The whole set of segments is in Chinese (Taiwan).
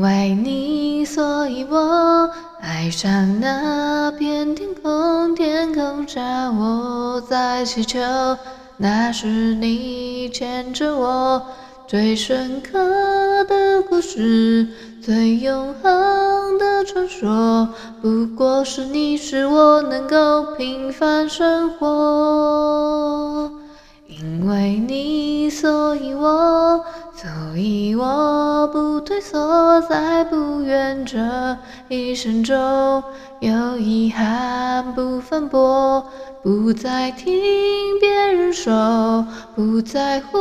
因為你，所以我愛上那片天空。天空下我在祈求，那是你牽着我最深刻的故事，最永恆的傳說。不過是你，使我能夠平凡生活。因為你，所以我，所以我不退縮，再不願這一生中，有遺憾不反駁，不再聽別人說，不在乎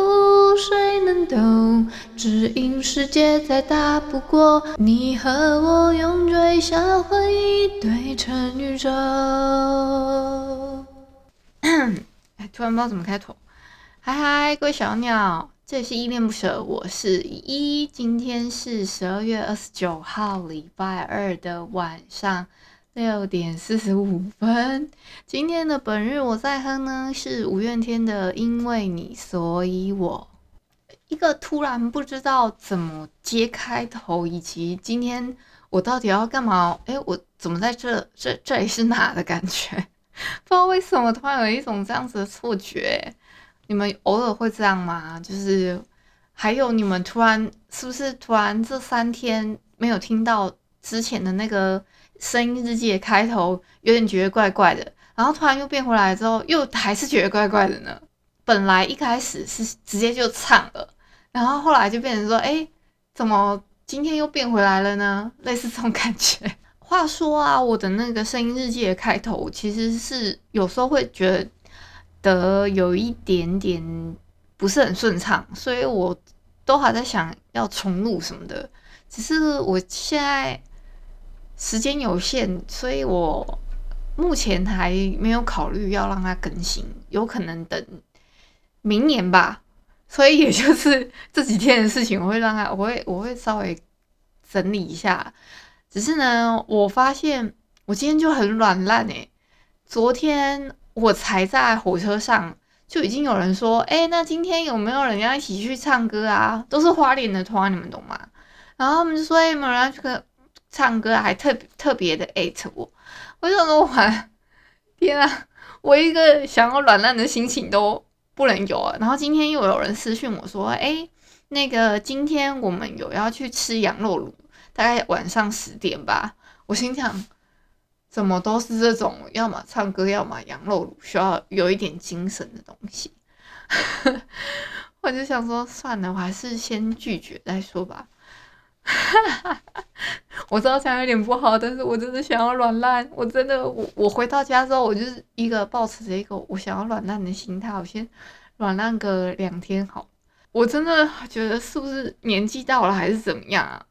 誰能懂，只因世界再大不過你和我，用最小回憶堆成宇宙。哎， 突然不知道怎麼開頭。嗨嗨，各位小鳥，這裡是依戀不捨，我是依依。今天是十二月二十九號，禮拜二的晚上六點四十五分。今天的本日我在哼呢，是五月天的《因為你所以我》。一個突然不知道怎麼接開頭，以及今天我到底要幹嘛？哎、欸，我怎麼在這？這這裡是哪的感覺？不知道為什麼突然有一種這樣子的錯覺。你們偶爾會這樣嗎？就是還有你們突然是不是突然這三天沒有聽到之前的那個聲音日記的開頭，有點覺得怪怪的。然後突然又變回來之後，又還是覺得怪怪的呢。本來一開始是直接就唱了，然後後來就變成說：“欸，怎麼今天又變回來了呢？”類似這種感覺。話說啊，我的那個聲音日記的開頭其實是有時候會覺得。的有一點點不是很順暢，所以我都還在想要重錄什麼的。只是我現在時間有限，所以我目前還沒有考慮要讓它更新，有可能等明年吧。所以也就是這幾天的事情我，我會讓它，我會我會稍微整理一下。只是呢，我發現我今天就很軟爛誒，昨天。我才在火車上就已經有人說，哎、欸，那今天有沒有人要一起去唱歌啊？都是花蓮的團，你們懂嗎？然後他們就說，哎、欸，有沒有人要去唱歌啊，還特別特別的 at 我。我講我完，天啊，我一個想要軟爛的心情都不能有啊。然後今天又有人私訊我說，哎、欸，那個今天我們有要去吃羊肉爐，大概晚上十點吧。我心想，怎麼都是這種，要麼唱歌，要麼羊肉，需要有一點精神的東西。 我就想說，算了，我還是先拒絕再說吧。 我知道這樣有點不好，但是我真的想要軟爛。我真的，我我回到家之後，我就是一個抱持著一個我想要軟爛的心態，我先軟爛個兩天好。我真的覺得是不是年紀到了還是怎麼樣啊？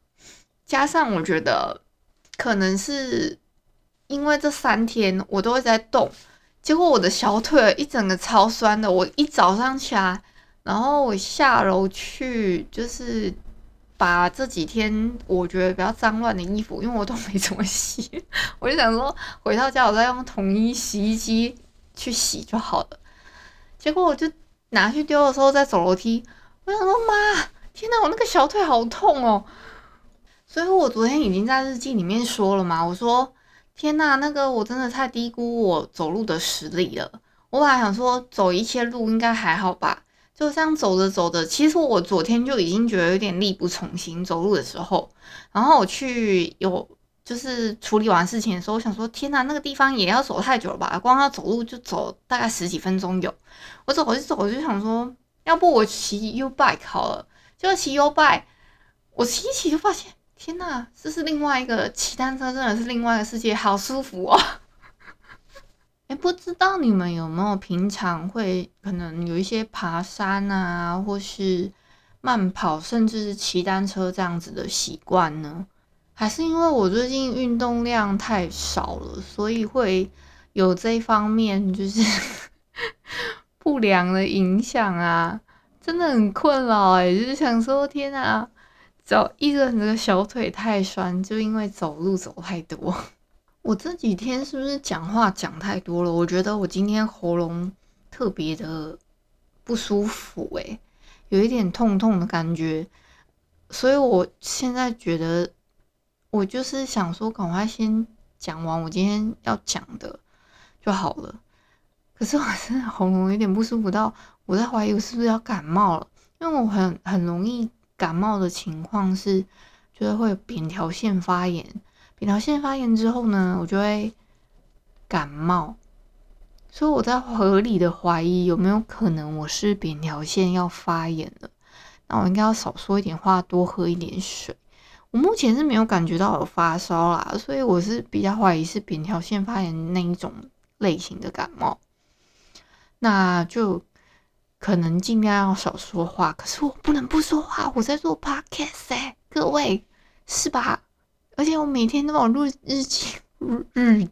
加上我覺得可能是。因為這三天我都會在動，結果我的小腿一整個超酸的。我一早上起來，然後我下樓去，就是把這幾天我覺得比較髒亂的衣服，因為我都沒怎麼洗，我就想說回到家我再用統一洗衣機去洗就好了。結果我就拿去丟的時候在走樓梯，我想說媽，天吶，我那個小腿好痛哦。所以我昨天已經在日記裡面說了嘛，我說。天吶，那個我真的太低估我走路的實力了。我本來想說走一些路應該還好吧，就這樣走着走着，其實我昨天就已經覺得有點力不從心走路的時候。然後我去有就是處理完事情的時候，我想說天吶，那個地方也要走太久了吧？光要走路就走大概十幾分鐘有。我走我就走，我就想說，要不我騎 YouBike 好了，就騎 YouBike。我騎一騎就發現。天吶，這是另外一個騎單車，真的是另外一個世界，好舒服啊、哦！哎、 欸，不知道你們有沒有平常會可能有一些爬山啊，或是慢跑，甚至是騎單車這樣子的習慣呢？還是因為我最近運動量太少了，所以會有這一方面就是 不良的影響啊？真的很困擾哎、欸，就是想說，天吶走，一個人的小腿太酸，就因為走路走太多。 我這幾天是不是講話講太多了？我覺得我今天喉嚨特別的不舒服、欸，哎，有一點痛痛的感覺。所以我現在覺得，我就是想說，趕快先講完我今天要講的就好了。可是我現在喉嚨有點不舒服到，到我在懷疑我是不是要感冒了，因為我很很容易。感冒的情況是，就是會有扁桃腺發炎。扁桃腺發炎之後呢，我就會感冒。所以我在合理的懷疑，有沒有可能我是扁桃腺要發炎了？那我應該要少說一點話，多喝一點水。我目前是沒有感覺到有發燒啦，所以我是比較懷疑是扁桃腺發炎那一種類型的感冒。那就。可能儘量要少說話，可是我不能不說話，我在做 Podcast 欸，各位是吧？而且我每天都要錄日記，日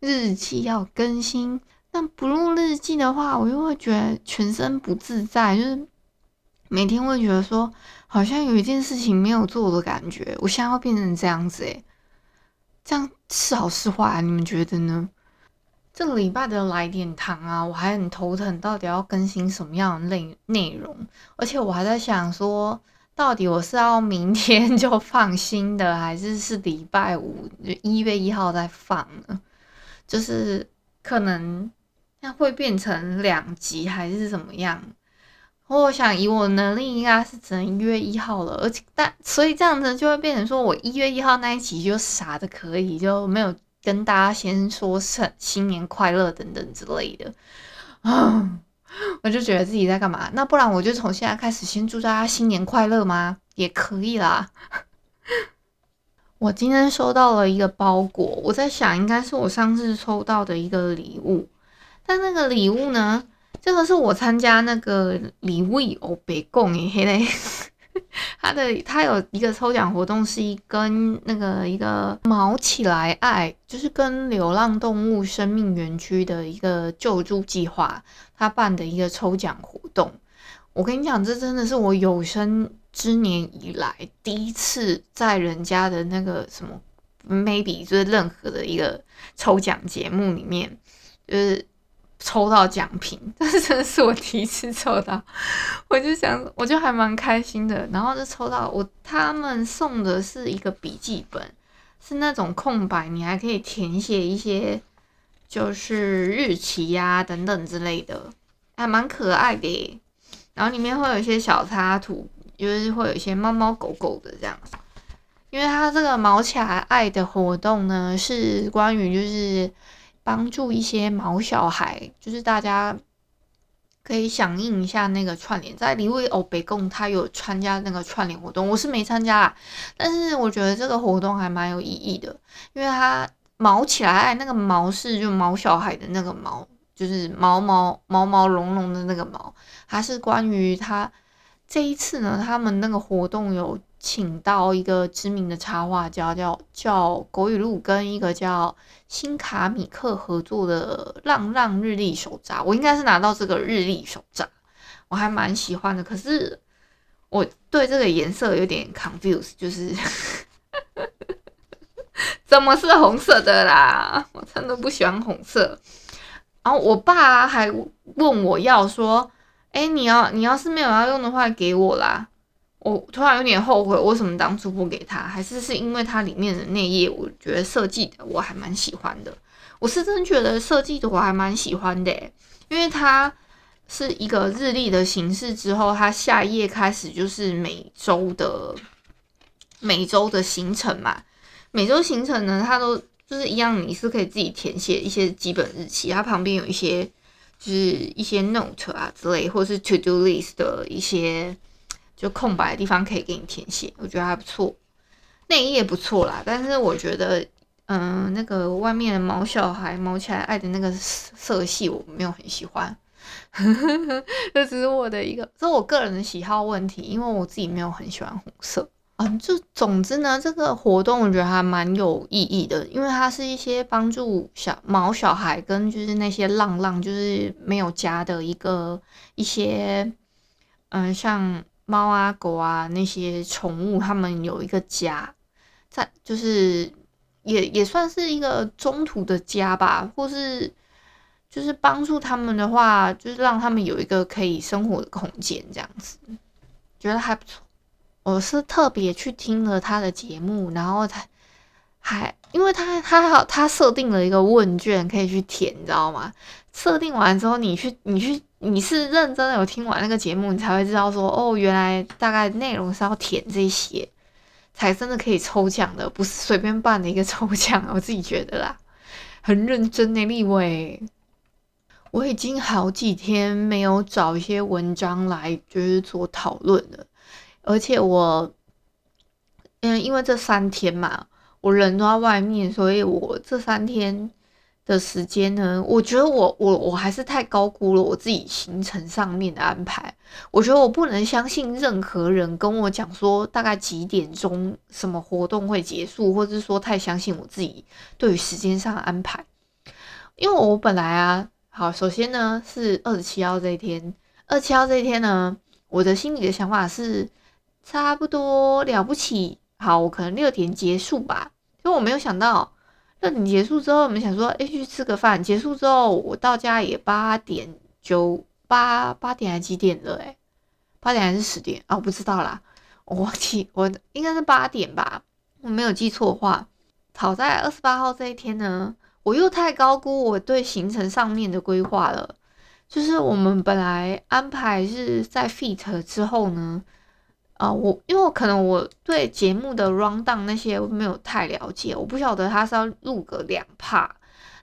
日記要更新，那不錄日記的話，我又會覺得全身不自在，就是每天會覺得說好像有一件事情沒有做的感覺，我現在要變成這樣子欸，這樣是好是壞啊？你們覺得呢？這禮拜的來點糖啊！我還很頭疼，到底要更新什麼樣的內內容而且我還在想說，到底我是要明天就放新的，還是是禮拜五就一月一號再放呢？就是可能那會變成兩集，還是怎麼樣？我想以我能力啊，應該是只能一月一號了。而且但所以這樣子就會變成說我一月一號那一集就傻的可以，就沒有。跟大家先說聲新年快樂等等之類的，啊、呃，我就覺得自己在幹嘛，那不然我就從現在開始先祝大家新年快樂嗎？也可以啦。 我今天收到了一個包裹，我在想應該是我上次抽到的一個禮物，但那個禮物呢？這個是我參加那個禮物哦，別共。你嘿嘞。 他的他有一個抽獎活動，是一跟那個一個毛起來愛，就是跟流浪動物生命園區的一個救助計劃，他辦的一個抽獎活動。我跟你講，這真的是我有生之年以來第一次在人家的那個什麼 maybe 就是任何的一個抽獎節目裡面，就是。抽到獎品，但是真的是我第一次抽到，我就想，我就還蠻開心的。然後就抽到我他們送的是一個筆記本，是那種空白，你還可以填寫一些，就是日期呀、啊、等等之類的，還蠻可愛的。然後裡面會有一些小插圖，就是會有一些貓貓狗狗的這樣子。因為它這個“毛卡愛”的活動呢，是關於就是。幫助一些毛小孩，就是大家可以響應一下那個串聯。在李偉歐北貢，他有參加那個串聯活動，我是沒參加啊，但是我覺得這個活動還蠻有意義的，因為他毛起來，那個毛是就毛小孩的那個毛，就是毛毛毛毛茸茸的那個毛，它是關於他這一次呢，他們那個活動有請到一個知名的插畫家，叫叫狗與露跟一個叫辛卡米克合作的《浪浪日曆手札》。我應該是拿到這個日曆手札，我還蠻喜歡的。可是我對這個顏色有點 confuse，就是 怎麼是紅色的啦？我真的不喜歡紅色。然後我爸還問我要，說：“哎，你要你要是沒有要用的話，給我啦。”我突然有點後悔，為什麼當初不給他？還是是因為它裡面的那頁，我覺得設計的我還蠻喜歡的。我是真覺得設計的我還蠻喜歡的、欸，因為它是一個日曆的形式。之後它下頁開始就是每週的每週的行程嘛。每週行程呢，它都就是一樣，你是可以自己填寫一些基本日期。它旁邊有一些就是一些 note 啊之類，或是 to do list 的一些。就空白的地方可以給你填寫，我覺得還不錯。內衣也不錯啦，但是我覺得，嗯，那個外面的毛小孩毛起來愛的那個色系，我沒有很喜歡。這 只是我的一個，這是我個人的喜好問題，因為我自己沒有很喜歡紅色。嗯，就總之呢，這個活動我覺得還蠻有意義的，因為它是一些幫助小毛小孩跟就是那些浪浪，就是沒有家的一個一些，嗯，像。貓啊，狗啊，那些寵物，他們有一個家，在就是也也算是一個中途的家吧，或是就是幫助他們的話，就是讓他們有一個可以生活的空間，這樣子覺得還不錯。我是特別去聽了他的節目，然後才。還，因為他他他，他設定了一個問卷可以去填，你知道嗎？設定完之後你，你去你去你是認真的有聽完那個節目，你才會知道說哦，原來大概內容是要填這些，才真的可以抽獎的，不是隨便辦的一個抽獎。我自己覺得啦，很認真呢、欸。立偉，我已經好幾天沒有找一些文章來就是做討論了，而且我嗯，因為這三天嘛。我人都在外面，所以我這三天的時間呢，我覺得我我我還是太高估了我自己行程上面的安排。我覺得我不能相信任何人跟我講說大概幾點鐘什麼活動會結束，或者說太相信我自己對於時間上的安排。因為我本來啊，好，首先呢是二十七號這一天，二十七號這一天呢，我的心裡的想法是差不多了不起，好，我可能六點結束吧。因為我沒有想到，那你結束之後，我們想說，誒，去吃個飯。結束之後，我到家也八點九八八點還幾點了，欸？誒，八點還是十點啊？我、哦、不知道啦，我忘記，我應該是八點吧，我沒有記錯的話。好，在二十八號這一天呢，我又太高估我對行程上面的規劃了，就是我們本來安排是在費特之後呢。啊，我因為我可能我對節目的 run down 那些沒有太了解，我不曉得他是要錄個兩 part，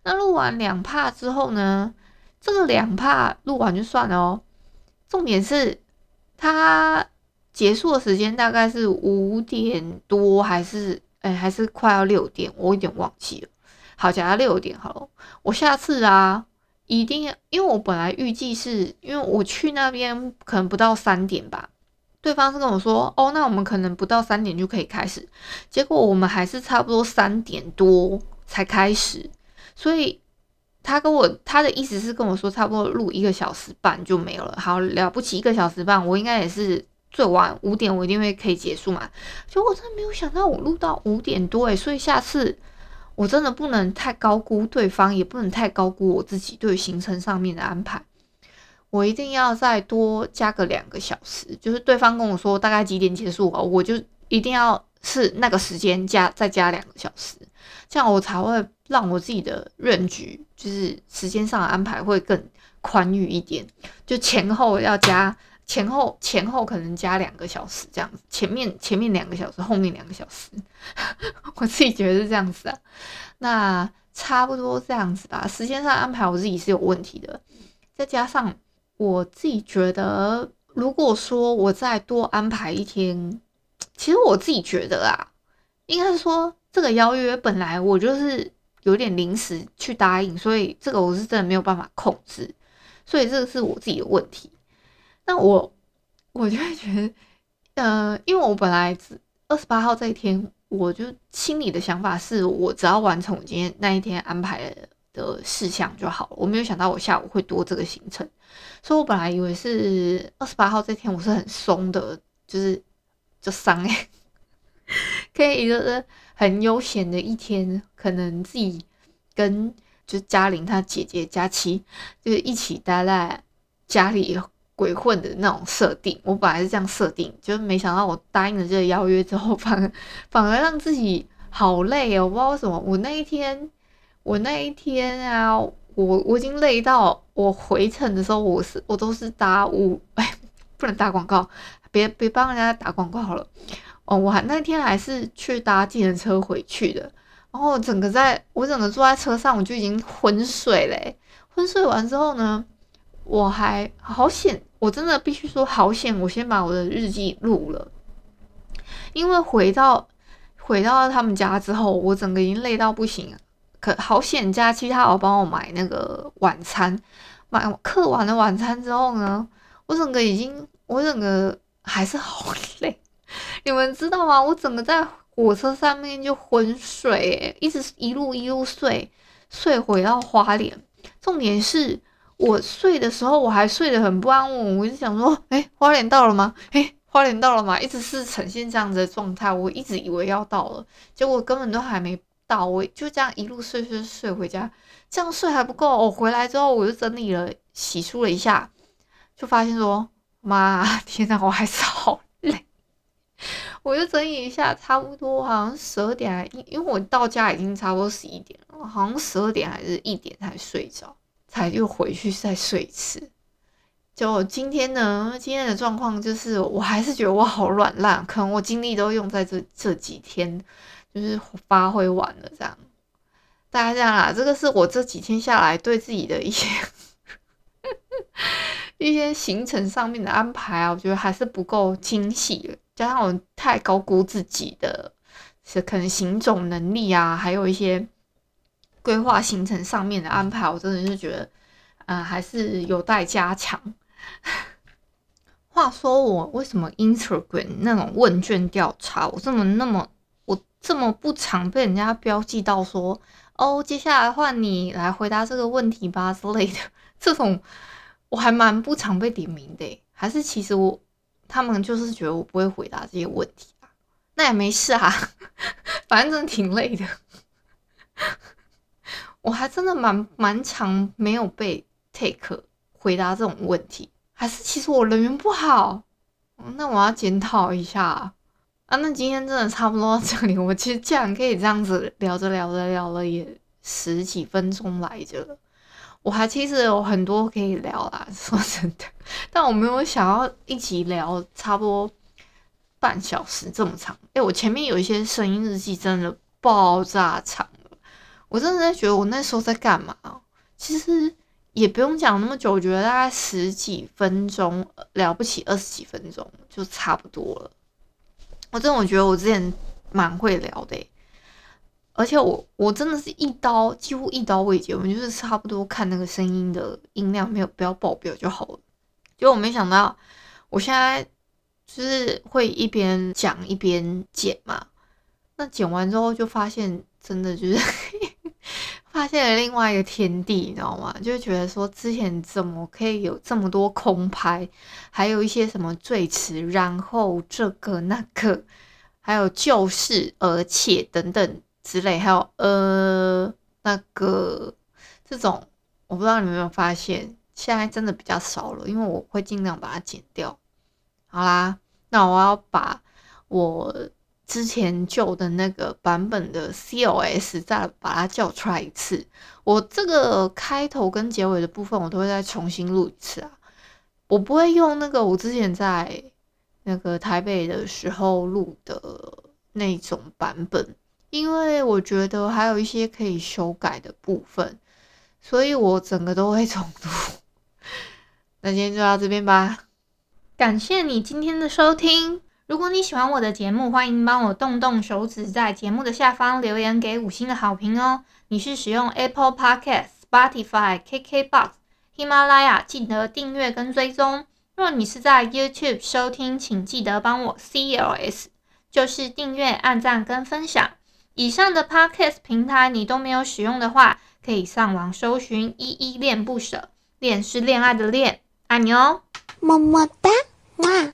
那錄完兩 part 之後呢，這個兩 part 錄完就算了哦。重點是，他結束的時間大概是五點多，還是哎、欸、還是快要六點，我有點忘記了。好，講到六點好了，我下次啊一定要，因為我本來預計是因為我去那邊可能不到三點吧。對方是跟我說，哦，那我們可能不到三點就可以開始，結果我們還是差不多三點多才開始，所以他跟我他的意思是跟我說，差不多錄一個小時半就沒有了，好了不起，一個小時半，我應該也是最晚五點，我一定會可以結束嘛，結果真沒有想到我錄到五點多，誒，所以下次我真的不能太高估對方，也不能太高估我自己對行程上面的安排。我一定要再多加個兩個小時，就是對方跟我說大概幾點結束哦，我就一定要是那個時間加再加兩個小時，這樣我才會讓我自己的任局。就是時間上的安排會更寬裕一點，就前後要加前後，前後可能加兩個小時這樣子，前面前面兩個小時，後面兩個小時， 我自己覺得是這樣子啊，那差不多這樣子吧，時間上的安排我自己是有問題的，再加上。我自己覺得，如果說我再多安排一天，其實我自己覺得啊，應該是說這個邀約本來我就是有點臨時去答應，所以這個我是真的沒有辦法控制，所以這個是我自己的問題。那我我就會覺得，呃，因為我本來二十八號這一天，我就心裡的想法是我只要完成我今天那一天安排的事項就好了，我沒有想到我下午會多這個行程。所以，我本來以為是二十八號這天，我是很鬆的，就是就傷誒。欸、 可以就是很悠閒的一天，可能自己跟就是嘉玲她姐姐佳琪就是一起待在家裡鬼混的那種設定。我本來是這樣設定，就是沒想到我答應了這個邀約之後，反而反而讓自己好累哦、喔，我不知道為什麼，我那一天，我那一天啊。我我已經累到，我回程的時候，我是我都是搭屋，我，哎，不能打廣告，別別幫人家打廣告好了。哦、oh,，我還那天還是去搭計程車回去的，然後整個在我整個坐在車上，我就已經昏睡嘞。昏睡完之後呢，我還好險，我真的必須說好險，我先把我的日記錄了，因為回到回到他們家之後，我整個已經累到不行了。可好險！假期他有幫我買那個晚餐，買我客完了晚餐之後呢，我整個已經，我整個還是好累。你們知道嗎？我整個在火車上面就昏睡，一直一路一路睡，睡回到花蓮。重點是我睡的時候，我還睡得很不安穩。我就想說，哎、欸，花蓮到了嗎？哎、欸，花蓮到了嗎？一直是呈現這樣子的狀態，我一直以為要到了，結果根本都還沒。我就這樣一路睡睡睡回家，這樣睡還不夠。我回來之後，我就整理了、洗漱了一下，就發現說：媽，天啊，我還是好累。我就整理一下，差不多好像十二點，因因為我到家已經差不多十一點了，好像十二點還是一點才睡着，才又回去再睡一次。就今天呢，今天的狀況就是，我還是覺得我好軟爛，可能我精力都用在這這幾天。就是發揮完了這樣，大概這樣啦。這個是我這幾天下來對自己的一些 一些行程上面的安排啊，我覺得還是不夠精細。加上我太高估自己的是可能行走能力啊，還有一些規劃行程上面的安排，我真的是覺得嗯、呃、還是有待加強。話說我為什麼 Instagram 那種問卷調查，我這麼那麼？這麼不常被人家標記到說哦，接下來換你來回答這個問題吧之類的，這種我還蠻不常被點名的欸。還是其實我他們就是覺得我不會回答這些問題，那也沒事啊，反正真的挺累的。我還真的蠻蠻常沒有被 take 回答這種問題，還是其實我人緣不好，那我要檢討一下。啊，那今天真的差不多到這裡。我其實竟然可以這樣子聊着聊着聊了也十幾分鐘來着，我還其實有很多可以聊啦，說真的，但我沒有想要一起聊差不多半小時這麼長。誒、欸、我前面有一些聲音日記真的爆炸長了，我真的在覺得我那時候在幹嘛？其實也不用講那麼久，我覺得大概十幾分鐘了不起二十幾分鐘就差不多了。我真的，我覺得我之前蠻會聊的、欸，而且我我真的是一刀幾乎一刀未剪，我就是差不多看那個聲音的音量沒有不要爆表就好了。就我沒想到我現在就是會一邊講一邊剪嘛，那剪完之後就發現真的就是。 發現了另外一個天地，你知道嗎？就覺得說，之前怎麼可以有這麼多空拍，還有一些什麼贅詞，然後這個那個，還有就是而且等等之類，還有呃那個這種，我不知道你們有沒有發現，現在真的比較少了，因為我會盡量把它剪掉。好啦，那我要把我。之前舊的那個版本的 CLS 再把它叫出來一次，我這個開頭跟結尾的部分我都會再重新錄一次啊，我不會用那個我之前在那個台北的時候錄的那種版本，因為我覺得還有一些可以修改的部分，所以我整個都會重錄。那今天就到這邊吧，感謝你今天的收聽。如果你喜歡我的節目，歡迎幫我動動手指，在節目的下方留言給五星的好評哦。你是使用 Apple Podcast、Spotify、KKBox、喜馬拉雅，記得訂閱跟追蹤。若你是在 YouTube 收聽，請記得幫我 CLS，就是訂閱、按讚跟分享。以上的 Podcast 平台你都沒有使用的話，可以上網搜尋，依依戀不捨，戀是戀愛的戀，愛你哦，麼麼噠，嘛、啊。